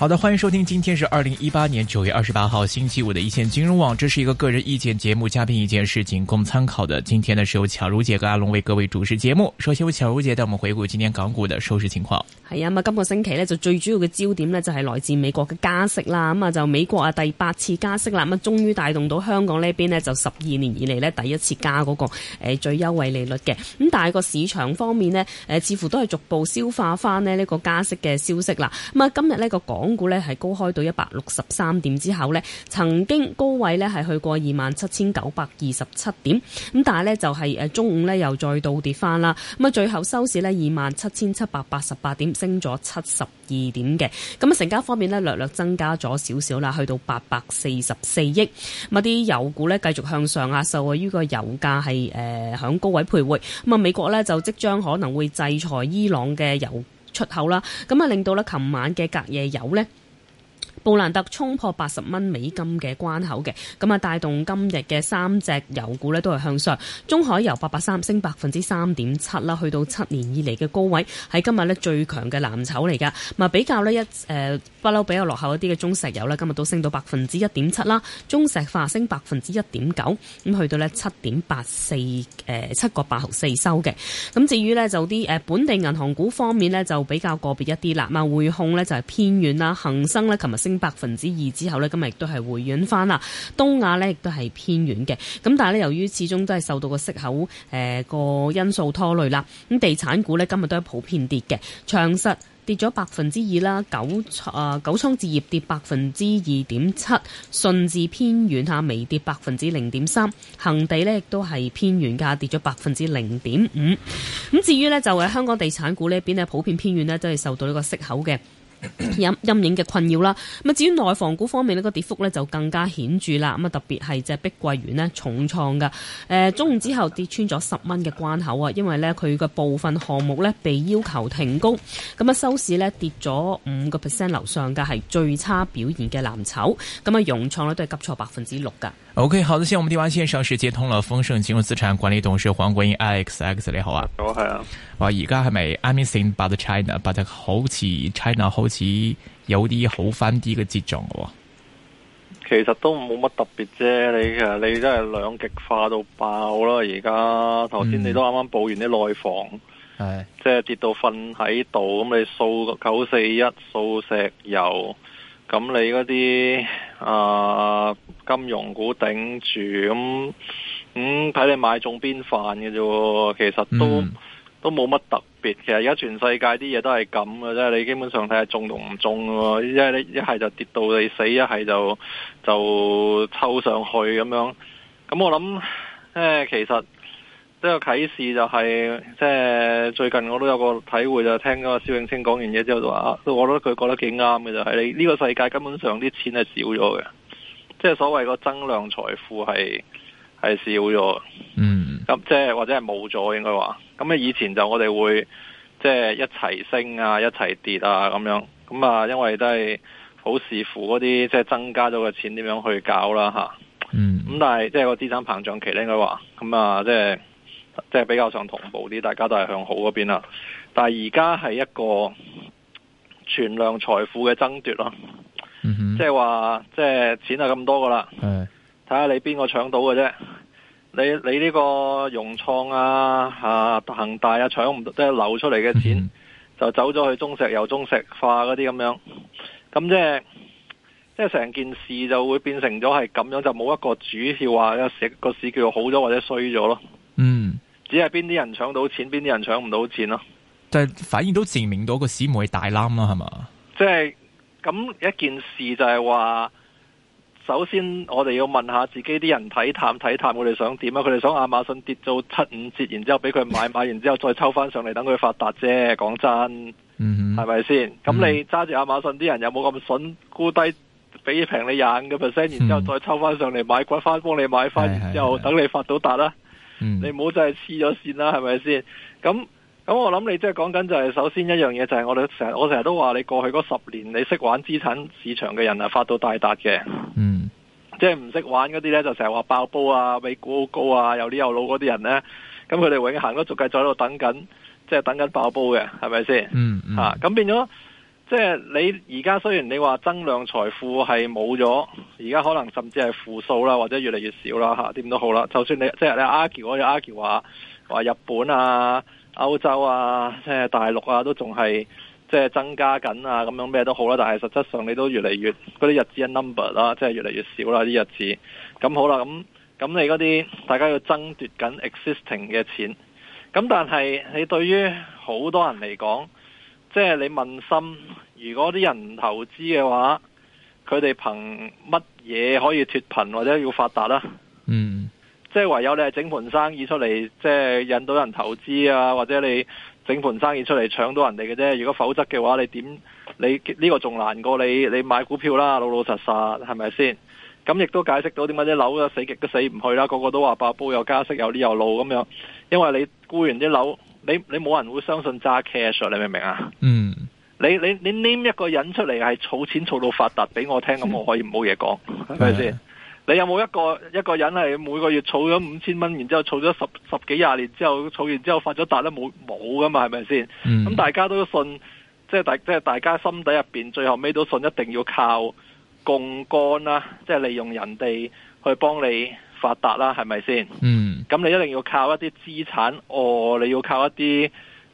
好的，歡迎收聽，今天是二零一八年九月二十八號星期五的一線金融網，這是一個個人意見節目，嘉賓意見是僅供參考的。今天呢，是由巧如姐跟阿龍為各位主持節目。首先，由巧如姐帶我們回顧今天港股的收市情況。係啊，咁啊，今個星期呢，就最主要嘅焦點呢，就係來自美國嘅加息啦，咁啊就美國啊第八次加息啦，咁啊終於帶動到香港呢邊呢，就十二年以嚟呢，第一次加嗰個誒最優惠利率嘅。咁但係個市場方面呢，誒似乎都係逐步消化翻呢呢個加息嘅消息啦。咁啊今日呢個港港股呢，係高開到一百六十三點之後呢，曾經高位呢，係去過二萬七千九百二十七點，咁但係呢，就係誒中午呢，又再度跌返啦，咁啊最後收市呢，二萬七千七百八十八點，升咗七十二點嘅，咁啊成交方面呢，略略增加咗少少啦，去到八百四十四億，咁啊啲油股呢，繼續向上啊，受惠於個油價係誒響高位徘徊，咁啊美國呢，就即將可能會制裁伊朗嘅油。出口啦，咁啊令到咧，琴晚嘅隔夜油咧。布蘭特衝破八十蚊美金嘅關口嘅，咁啊帶動今日嘅三隻油股呢都係向上。中海油八八三升百分之三點七啦，去到七年以嚟嘅高位，係今日呢最強嘅藍籌嚟噶。咁啊比較呢一誒不嬲比較落後一啲嘅中石油呢，今日都升到百分之一點七啦。中石化升百分之一點九，咁去到呢、呃、七點八四誒七個八毫四收嘅。咁至於呢，就啲誒、呃、本地銀行股方面呢，就比較個別一啲啦。咁啊匯控呢，就係偏軟啦，恒生呢，琴日升。百分之二之後呢，今日亦都係回軟返啦。東亞呢，亦都係偏軟嘅。咁但係呢，由於始終都係受到個息口誒、呃、個因素拖累啦。咁地產股呢，今日都係普遍跌嘅。長實跌咗百分之二啦，九啊、呃、九倉置業跌百分之二點七，順治偏軟吓，微跌百分之零點三。恒地呢亦都係偏軟㗎，跌咗百分之零點五。咁至於呢，就係、是、香港地產股呢一邊呢普遍偏軟呢，都係受到呢個息口嘅。陰 影嘅困擾啦。咁啊，至於內房股方面呢個跌幅呢就更加顯著啦。咁啊，特別係隻碧桂園呢重創噶。誒，中午之後跌穿咗十蚊嘅關口啊，因為呢佢嘅部分項目呢被要求停工。咁啊，收市呢跌咗五個 percent 樓上嘅係最差表現嘅藍籌。咁啊，融創咧都係急挫百分之六噶。O、okay, K，好的，咁先。我們電話線上市接通了豐盛金融資產管理董事黃國英 I X X，你好啊。我係、哦、啊。話而家係咪 anything but China, but China，b 但係好似 China 好。似有啲好翻啲嘅跡象嘅，其實都冇乜、嗯、特別啫。你其實你真係兩極化到爆啦！而家頭先你都啱啱補完啲內房，即係跌到瞓喺度。咁你掃九四一，掃石油，咁你嗰啲啊金融股頂住，咁咁睇你買中邊飯嘅啫。其實都都冇乜特別。其實而家全世界啲嘢都係咁噶啫，即係、你基本上睇下中同唔中咯，一係就跌到你死，一係就就,就抽上去咁樣。咁我諗誒，其實呢個啟示就係、是，即係最近我都有一個體會就係、是、聽嗰個蕭永清講完嘢之後就話，我覺得佢覺得幾啱嘅就係，呢個世界根本上啲錢係少咗嘅，即、就、係、是、所謂個增量財富係係少咗，咁、嗯、即係或者係冇咗應該話。咁咧以前就我哋會即係一齊升啊，一齊跌啊咁樣。咁啊，因為都係好視乎嗰啲即係增加咗嘅錢點樣去搞啦、啊、吓。嗯。咁但係即係個資產膨脹期咧，應該話咁啊，即係即係比較上同步啲，大家都係向好嗰邊啦。但係而家係一個存量財富嘅爭奪咯、啊嗯哼。即係話，即係錢係咁多噶啦。係。睇下你邊個搶到嘅啫。你你呢個融創啊吓恒大啊搶唔到，即係流出嚟嘅錢、嗯、哼就走咗去中石油、由中石化嗰啲咁樣，咁即係即係成件事就會變成咗係咁樣，就冇一個主要話個市個市叫好咗或者衰咗咯。嗯，只係邊啲人搶到錢，邊啲人搶唔到錢咯。即係反而都證明到個市唔會大冧啦，係嘛？即係咁一件事就係話。首先，我哋要問下自己啲人睇淡睇淡，我哋想點啊？佢哋想亞馬遜跌到七五折，然之後俾佢買買，然 之後再抽翻上嚟等佢發達啫。講真，嗯、mm，係咪先咁？你揸住亞馬遜啲人有冇咁筍，沽低俾平你廿五個 percent，然之後再抽翻上嚟買骨翻，幫你買翻，mm hmm. 然之後等你發到達啦、啊。嗯、mm，hmm. 你唔好真係黐咗線啦，係咪先咁咁？我諗你即係講緊就係、是、首先一樣嘢，就係、是、我哋成我成日都話你過去嗰十年，你識玩資產市場嘅人啊，發到大達嘅。即係唔識玩嗰啲咧，就成日話爆煲啊，美股好高啊，有啲有腦嗰啲人咧，咁佢哋永遠行都續計在度等緊，即係等緊爆煲嘅，係咪先？嗯嗯吓，咁、啊、變咗，即係你而家雖然你話增量財富係冇咗，而家可能甚至係負數啦，或者越嚟越少啦吓，點、啊、都好啦。就算你即係你阿橋嗰隻阿橋話話日本啊、歐洲啊、即係大陸啊，都仲係。即係增加緊啊，咁樣咩都好啦，但係實質上你都越嚟越嗰啲日子嘅 number 啦，即係越嚟越少啦啲日子。咁好啦，咁咁你嗰啲大家要爭奪緊 existing 嘅錢。咁但係你對於好多人嚟講，即係你問心，如果啲人唔投資嘅話，佢哋憑乜嘢可以脫貧或者要發達啦？嗯，即係唯有你係整盤生意出嚟，即係引到人投資啊，或者你。整盤生意出嚟搶到人哋嘅啫，如果否則嘅話你，你點你呢個仲難過你你買股票啦，老老實實係咪先？咁亦都解釋到點解啲樓啊死極都死唔去啦，個個都話爆煲又加息又呢又老咁樣，因為你沽完啲樓，你你冇人會相信揸 cash 你明唔明啊？嗯，你你你你搵一個人出嚟係儲錢儲到發達俾我聽，咁我可以冇嘢講，係咪先？你有冇一個一個人係每個月儲咗五千蚊，然之後儲咗十十幾廿年之後，儲完之後發咗達呢，冇冇噶嘛係咪先？咁、嗯、大家都信，即係大，即係大家心底入邊，最後尾都信一定要靠槓桿啦，即係利用人哋去幫你發達啦，係咪先？咁、嗯、你一定要靠一啲資產，哦，你要靠一啲，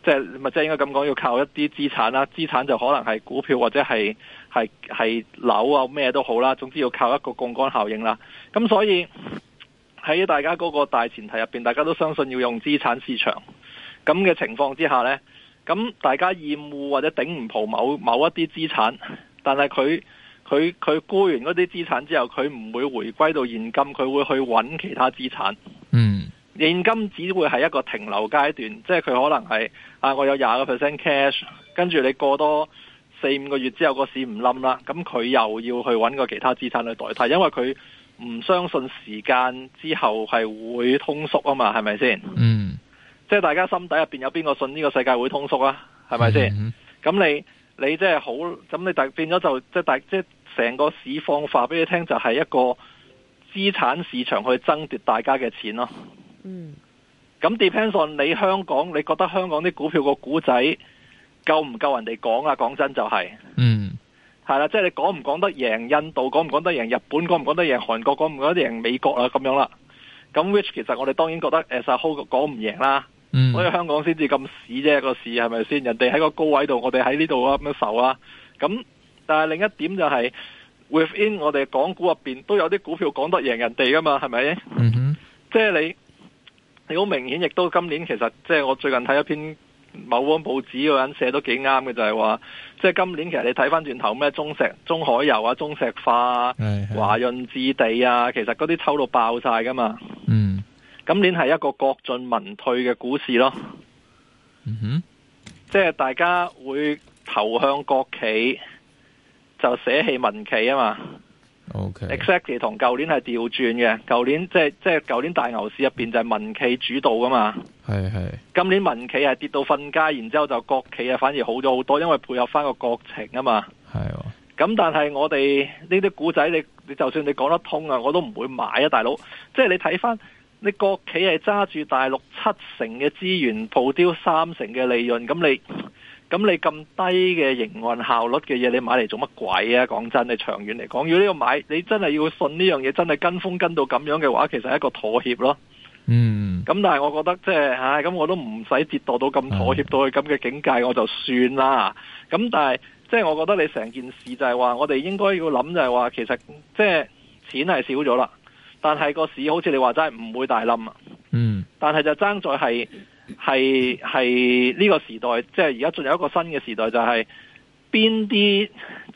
即係咪即係應該咁講，要靠一啲資產啦？資產就可能係股票或者係。係係樓啊咩都好啦，總之要靠一個槓桿效應啦。咁所以喺大家嗰個大前提入邊，大家都相信要用資產市場咁嘅情況之下呢，咁大家厭惡或者頂唔蒲某某一啲資產，但係佢佢佢沽完嗰啲資產之後，佢唔會回歸到現金，佢會去揾其他資產。嗯，現金只會係一個停留階段，即係佢可能係啊，我有廿個 percent cash，跟住你過多。四五個月之後個市唔冧啦，咁佢又要去揾個其他資產去代替，因為佢唔相信時間之後係會通縮啊嘛，係咪先？嗯，即係大家心底入邊有邊個信呢個世界會通縮啊？係咪先？咁、嗯、你你即係好，咁你大變咗就即係大即係成個市況話俾你聽，就係一個資產市場去爭奪大家嘅錢咯。嗯，咁 depends on 你香港，你覺得香港啲股票個股仔？夠唔夠人哋講啊？講真就係、是，嗯、mm，係、hmm. 啦，即係你講唔講得贏印度，講唔講得贏日本，講唔講得贏韓國，講唔講得贏美國啊？咁樣啦，咁 which 其實我哋當然覺得 as a whole 講唔贏啦，所以、mm hmm. 香港先至咁屎啫個屎係咪先？人哋喺個高位度，我哋喺呢度啊咁嘅受啊，咁但係另一點就係、是 mm hmm. within 我哋港股入邊都有啲股票講得贏人哋噶嘛，係咪？嗯哼、mm，hmm. 即係你你好明顯，亦都今年其實即係我最近睇一篇。某本報紙嗰人寫都幾啱嘅，就係、是、話，即、就、係、是、今年其實你睇翻轉頭咩中石、中海油啊、中石化啊、華潤置地啊，其實嗰啲抽到爆曬噶嘛。嗯，今年係一個國進民退嘅股市咯。嗯、哼，即係大家會投向國企，就捨棄民企啊嘛。O.K. exactly 同舊年係調轉嘅，舊年即係即係舊年大牛市入邊就係民企主導噶嘛，係係，今年民企係跌到瞓街，然之後就國企啊反而好咗好多，因為配合翻個國情啊嘛，係喎， 咁但係我哋呢啲古仔，你你就算你講得通啊，我都唔會買啊，大佬，即係你睇翻，你國企係揸住大陸七成嘅資源，鋪雕三成嘅利潤，咁你。咁你咁低嘅營運效率嘅嘢，你買嚟做乜鬼啊？講真，你長遠嚟講，如果呢個買，你真係要信呢樣嘢，真係跟風跟到咁樣嘅話，其實係一個妥協咯。嗯。咁但係我覺得即係、就是，唉，咁我都唔使跌墮到咁妥協到去咁嘅境界，嗯、我就算啦。咁但係，即、就、係、是、我覺得你成件事就係話，我哋應該要諗就係話，其實即係、就是、錢係少咗啦，但係個市好似你話齋唔會大冧啊。嗯。但係就爭在係。係係呢個時代，即係而家進入一個新嘅時代，就是，就係邊啲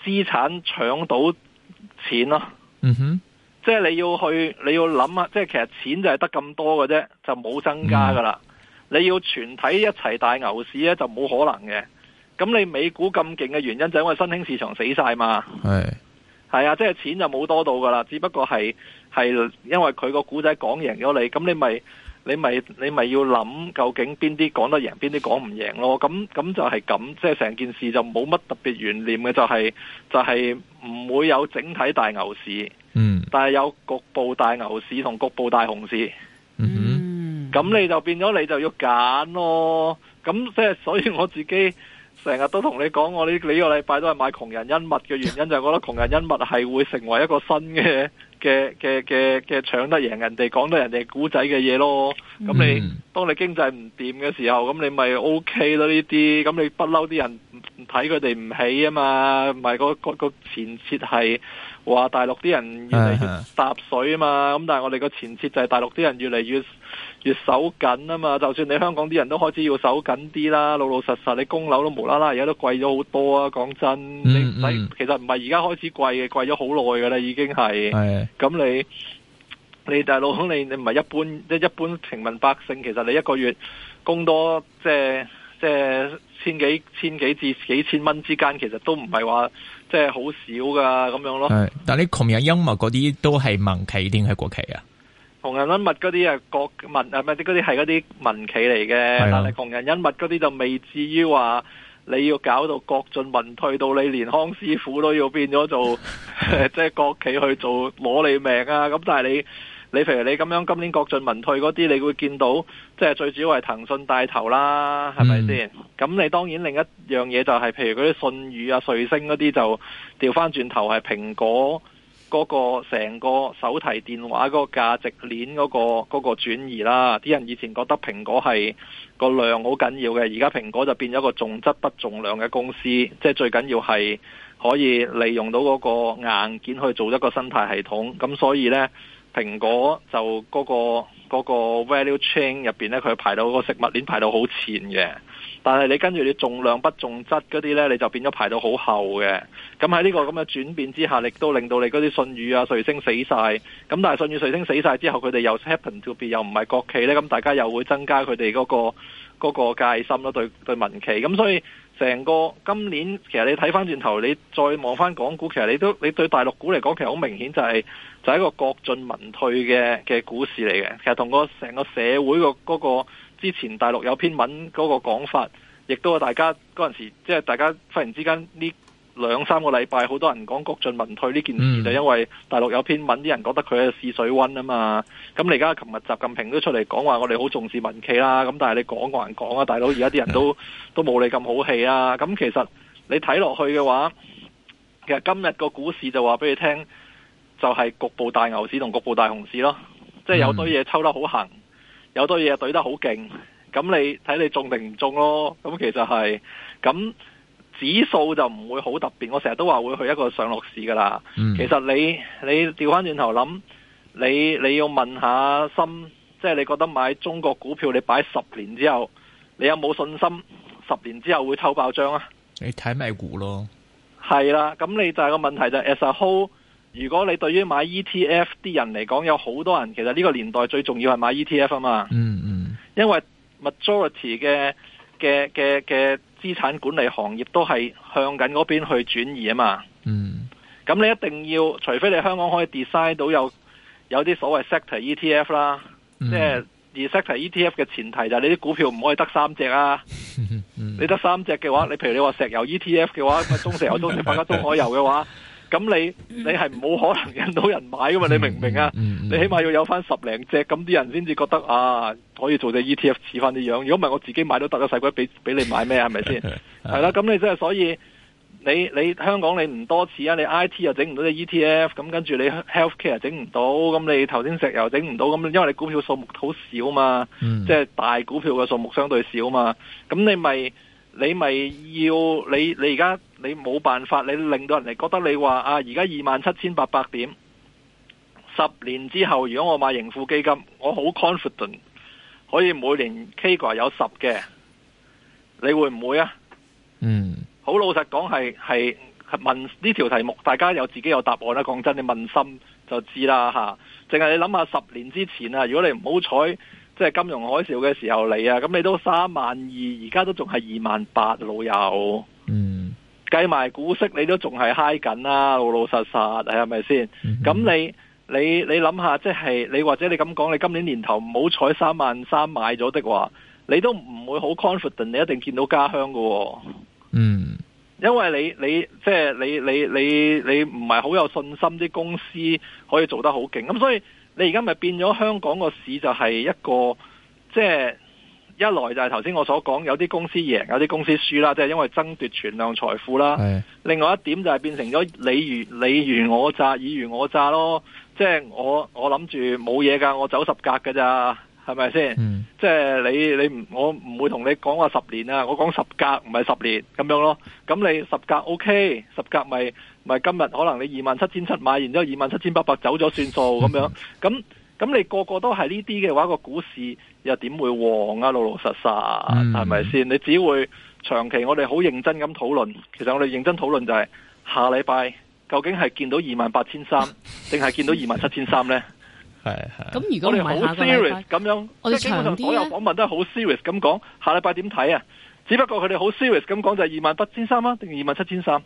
資產搶到錢咯，啊。嗯哼、mm，hmm. 即係你要去，你要諗下，即係其實錢就係得咁多嘅啫，就冇增加噶啦。Mm hmm. 你要全體一齊大牛市咧，就冇可能嘅。咁你美股咁勁嘅原因就因為新興市場死晒嘛。係係，mm hmm. 啊，即係錢就冇多到噶啦，只不過係係因為佢個股仔講贏咗你，咁你咪。你咪你咪要諗究竟邊啲講得贏，邊啲講唔贏咯？咁咁就係咁，即係成件事就冇乜特別懸念嘅，就係就係唔會有整體大牛市，嗯，但係有局部大牛市同局部大熊市，嗯哼，咁你就變咗你就要揀咯。咁即係所以我自己成日都同你講，我呢你個禮拜都係買窮人恩物嘅原因，就係覺得窮人恩物係會成為一個新嘅。嘅嘅嘅嘅搶得贏人哋講得人哋古仔嘅嘢咯，咁、嗯、你當你經濟唔掂嘅時候，咁你咪 O K 咯呢啲，咁你不嬲啲人唔睇佢哋唔起啊嘛，咪、嗰個個、嗰個前設係。話大陸啲人越嚟越搭水啊嘛，咁、uh huh. 但係我哋個前設就係大陸啲人越嚟越越守緊啊嘛，就算你香港啲人都開始要守緊啲啦，老老實實你供樓都無啦啦，而家都貴咗好多啊！講真，你唔使、uh huh. 其實唔係而家開始貴嘅，貴咗好耐噶啦，已經係。咁、uh huh. 你你大佬，你你唔係一般即一般平民百姓，其實你一個月供多即係。即係千幾、千幾至幾千蚊之間，其實都唔係話即係好少噶咁樣咯。但係你窮人恩物嗰啲都係民企定係國企窮國啊？窮人恩物嗰啲啊國民啊咪？啲嗰啲係嗰啲民企嚟嘅，的但係窮人恩物嗰啲就未至於話你要搞到國進民退到你連康師傅都要變咗做即係 國企去做攞你命啊！咁但係你。你譬如你咁樣，今年國進民退嗰啲，你會見到即係最主要係騰訊帶頭啦，係咪先？咁你當然另一樣嘢就係、係，譬如嗰啲信譽啊、瑞星嗰啲，就調返轉頭係蘋果嗰個成個手提電話嗰個價值鏈嗰、嗰個嗰、嗰個轉移啦。啲人以前覺得蘋果係、個量好緊要嘅，而家蘋果就變咗個重質不重量嘅公司，即係最緊要係可以利用到嗰個硬件去做一個生態系統。咁所以呢。蘋果就嗰個嗰個 value chain 入面咧，佢排到個食物鏈排到好前嘅，但係你跟住你重量不重質嗰啲咧，你就變咗排到好後嘅。咁喺呢個咁嘅轉變之下，亦都令到你嗰啲信譽啊、瑞星死曬。咁但係信譽瑞星死曬之後，佢哋又 happen to be 又唔係國企咧，咁大家又會增加佢哋嗰個嗰個戒心咯，對對民企咁所以。成個今年，其實你睇翻轉頭，你再望翻港股，其實你都你對大陸股嚟講，其實好明顯就係就係一個國進民退嘅嘅股市嚟嘅。其實同個成個社會個嗰個之前大陸有篇文嗰個講法，亦都係大家嗰陣時，即係大家忽然之間呢。兩三個禮拜，好多人講國進民退呢件事，就、嗯、因為大陸有篇文，啲人覺得佢係試水溫啊嘛。咁你而家琴日習近平都出嚟講話，我哋好重視民企啦。咁但係你講還講啊，大佬而家啲人都、嗯、都冇你咁好氣啊。咁其實你睇落去嘅話，其實今日個股市就話俾你聽，就係局部大牛市同局部大熊市咯。即係有堆嘢抽得好行，有堆嘢懟得好勁。咁你睇你中定唔中咯？咁其實係咁。指數就唔會好特別，我成日都話會去一個上落市噶啦。嗯、其實你你調翻轉頭諗，你你，你要問下心，即係你覺得買中國股票，你擺十年之後，你有冇信心十年之後會偷爆章啊？你睇咪股咯。係啦，咁你就係個問題就係，as a whole，如果你對於買 ETF 啲人嚟講，有好多人其實呢個年代最重要係買 ETF 啊嘛。嗯嗯，因為 majority 嘅。嘅嘅嘅資產管理行業都係向緊嗰邊去轉移啊嘛，嗯，咁你一定要，除非你香港可以 design 到有有啲所謂 sector ETF 啦，即係、嗯、而 sector ETF 嘅前提就係你啲股票唔可以得三隻啊，嗯、你得三隻嘅話，你譬如你話石油 ETF 嘅話， 中石油中、 中石化、加中海油嘅話。咁你你係冇可能引到人買噶嘛？你明唔明啊？嗯嗯嗯、你起碼要有翻十零隻，咁啲人先至覺得啊，可以做隻 ETF 似翻啲樣。如果唔係，我自己買都得，個細鬼俾俾你買咩？係咪先？係啦、嗯，咁、嗯、你即係所以，你你香港你唔多似啊，你 IT 又整唔到隻 ETF，咁跟住你 healthcare 整唔到，咁你頭先石油整唔到，咁因為你股票數目好少嘛，即係、嗯、大股票嘅數目相對少嘛，咁你咪。你咪要你你而家你冇辦法，你令到人哋覺得你話啊，而家二萬七千八百點，十年之後如果我買盈富基金，我好 confident 可以每年 CAGR 有十嘅，你會唔會啊？嗯，好老實講係係問呢條題目，大家有自己有答案啦。講真，你問心就知啦吓，淨係你諗下十年之前啊，如果你唔好彩。即係金融海嘯嘅時候你啊！咁你都三萬二，而家都仲係二萬八，老友。嗯。計埋股息，你都仲係嗨緊啦，老老實實，係咪先？咁、嗯、哼你你你諗下，即、就、係、是、你或者你咁講，你今年年頭唔好彩三萬三買咗的話，你都唔會好 confident，你一定見到家鄉嘅。嗯。因為你你即係、就是、你你你你唔係好有信心啲公司可以做得好勁，咁所以。你而家咪變咗香港個市就係一個，即係一來就係頭先我所講有啲公司贏，有啲公司輸啦，即係因為爭奪存量財富啦。的另外一點就係變成咗你如你如我詐，以如我詐咯，即係我我諗住冇嘢㗎，我走十格㗎咋，係咪先？即係、嗯、你你唔我唔會同你講話十年啊，我講十格唔係十年咁樣咯。咁你十格 OK，十格咪、就是。唔係今日可能你二萬七千七買，然之後二萬七千八百走咗算數咁樣，咁咁 你個個都係呢啲嘅話，個股市又點會旺啊？老老實實係咪先？你只會長期我哋好認真咁討論。其實我哋認真討論就係、是、下禮拜究竟係見到二萬八千三，定係見到二萬七千三呢？係咁如果唔係咁，我哋好 serious 咁樣，即 基本上所有訪問都係好 serious 咁講。下禮拜點睇啊？只不過佢哋好 serious 咁講，就係二萬八千三啊，定二萬七千三？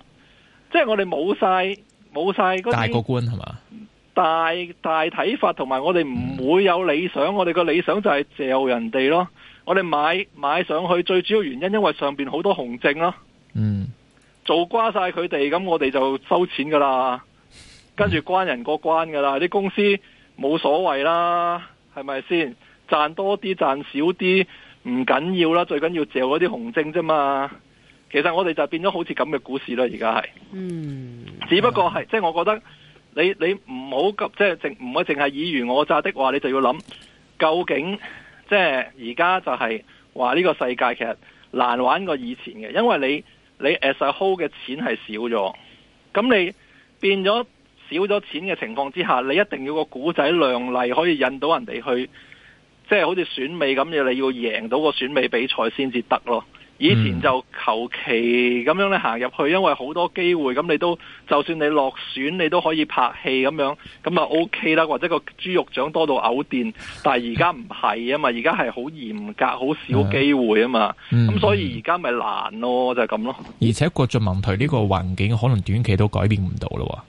即係我哋冇晒冇晒嗰啲大個觀係嘛，大大睇法同埋我哋唔會有理想，嗯、我哋個理想就係借人哋咯。我哋買買上去最主要原因，因為上邊好多紅證咯，嗯，做瓜晒佢哋，咁我哋就收錢噶啦，跟住關人過關噶啦，啲、嗯、公司冇所謂啦，係咪先？賺多啲賺少啲唔緊要啦，最緊要借嗰啲紅證啫嘛。其實我哋就變咗好似咁嘅股市啦，而家係。嗯，只不過係、嗯、即係我覺得你你唔好即係淨唔會淨淨係爾虞我詐的話，你就要諗究竟即係而家就係話呢個世界其實難玩過以前嘅，因為你你 as a 實 hold 嘅錢係少咗，咁你變咗少咗錢嘅情況之下，你一定要個股仔亮麗可以引到人哋去，即係好似選美咁嘅，你要贏到個選美比賽先至得咯。以前就求其咁樣咧行入去，因為好多機會，咁你都就算你落選，你都可以拍戲咁樣，咁啊 OK 啦，或者個豬肉掌多到嘔電。但係而家唔係啊嘛，而家係好嚴格，好少機會啊嘛。咁 所以而家咪難咯，就係咁咯。而且國進民退呢個環境可能短期都改變唔到咯。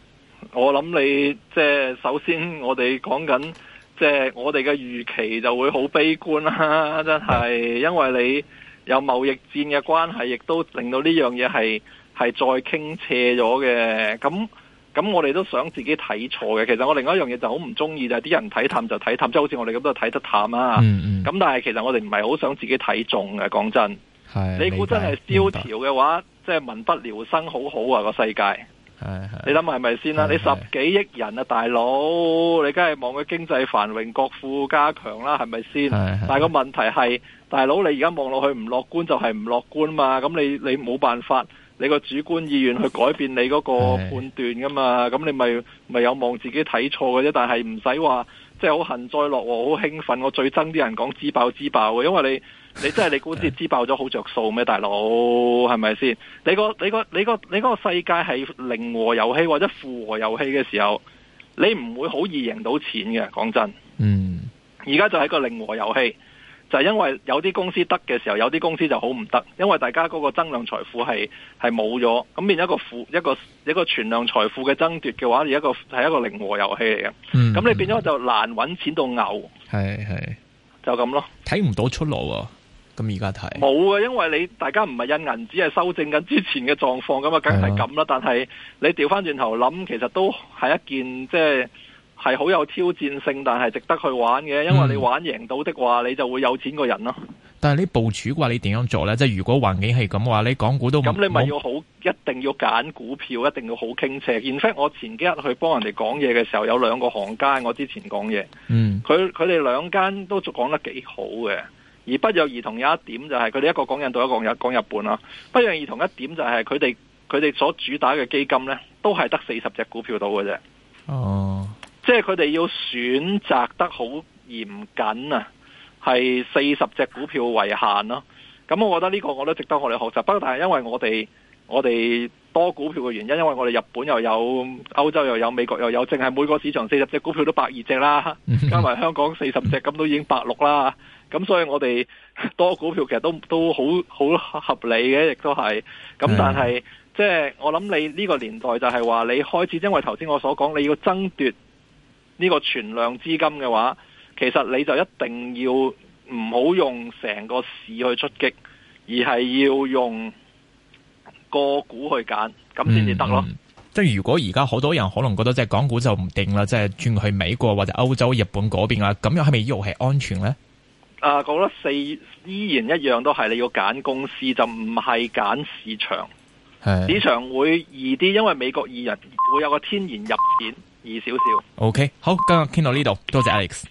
我諗你即係首先，我哋講緊即係我哋嘅預期就會好悲觀啦，真係，因為你。有貿易戰嘅關係，亦都令到呢樣嘢係係再傾斜咗嘅。咁咁我哋都想自己睇錯嘅。其實我另外一樣嘢就好唔中意就係、係、啲人睇淡就睇淡，即係好似我哋咁都睇得淡啊。咁、嗯嗯、但係其實我哋唔係好想自己睇中嘅。講真，的你估真係蕭條嘅話，白即係民不聊生，好好啊，個世界。是是你諗係咪先啦？是是你十幾億人啊，大佬，你梗係望佢經濟繁榮、國富加強啦，係咪先？是是是但個問題係，大佬你而家望落去唔樂觀就係唔樂觀嘛。咁你你冇辦法，你個主觀意願去改變你嗰個判斷噶嘛。咁是你咪咪有望自己睇錯嘅啫。但係唔使話即係好幸災樂禍、好興奮。我最憎啲人講自爆自爆嘅，因為你。 你真係你估支爆咗好着數咩，大佬係咪先？你，嗰個你，嗰個你個你個世界係零和遊戲或者負和遊戲嘅時候，你唔會好易贏到錢嘅。講真，嗯，而家就係個零和遊戲，就係、是、因為有啲公司得嘅時候，有啲公司就好唔得，因為大家嗰個增量財富係係冇咗，咁變一個負一個一個存量財富嘅爭奪嘅話，而一個係一個零和遊戲嚟嘅。咁，嗯嗯，你變咗就難揾錢到牛係係是就咁咯，睇唔到出路、哦。咁而家睇冇啊，因為你大家唔係印銀紙，係修正緊之前嘅狀況，咁啊梗係咁啦。的但係你調翻轉頭諗，其實都係一件即係係好有挑戰性，但係值得去玩嘅。因為你玩贏到的話，嗯、你就會有錢過人咯。但係你部署嘅話，你點樣做呢？即係如果環境係咁話，你港股都咁，你咪要好沒一定要揀股票，一定要好傾斜。In fact，我前幾日去幫人哋講嘢嘅時候，有兩個行家，我之前講嘢，嗯，佢佢哋兩間都講得幾好嘅。而不約而同有一點就係佢哋一個講印度，一個，一個講日本咯。不約而同一點就係佢哋佢哋所主打嘅基金呢，都係得四十隻股票到嘅啫。哦，即係佢哋要選擇得好嚴謹啊，係四十隻股票為限咯、啊。咁我覺得呢個我都值得我哋學習。不過但係因為我哋我哋。多股票嘅原因，因為我哋日本又有、歐洲又有、美國又有，淨係每個市場四十隻股票都百二隻啦，加埋香港四十隻，咁都已經百六啦。咁所以我哋多股票其實都都好好合理嘅，亦都係，咁但係的即係我諗你呢個年代就係話你開始因為頭先我所講你要爭奪呢個存量資金嘅話，其實你就一定要唔好用成個市去出擊，而係要用。個股去揀，咁先至得咯。即係如果而家好多人可能覺得即係港股就唔定啦，即係轉去美國或者歐洲、日本嗰邊啦，咁樣係咪又係安全呢？啊，我覺得四依然一樣都係你要揀公司，就唔係揀市場。的市場會易啲，因為美國二人會有個天然入錢，易少少。O、okay, K，好，今日傾到呢度，多謝 Alex。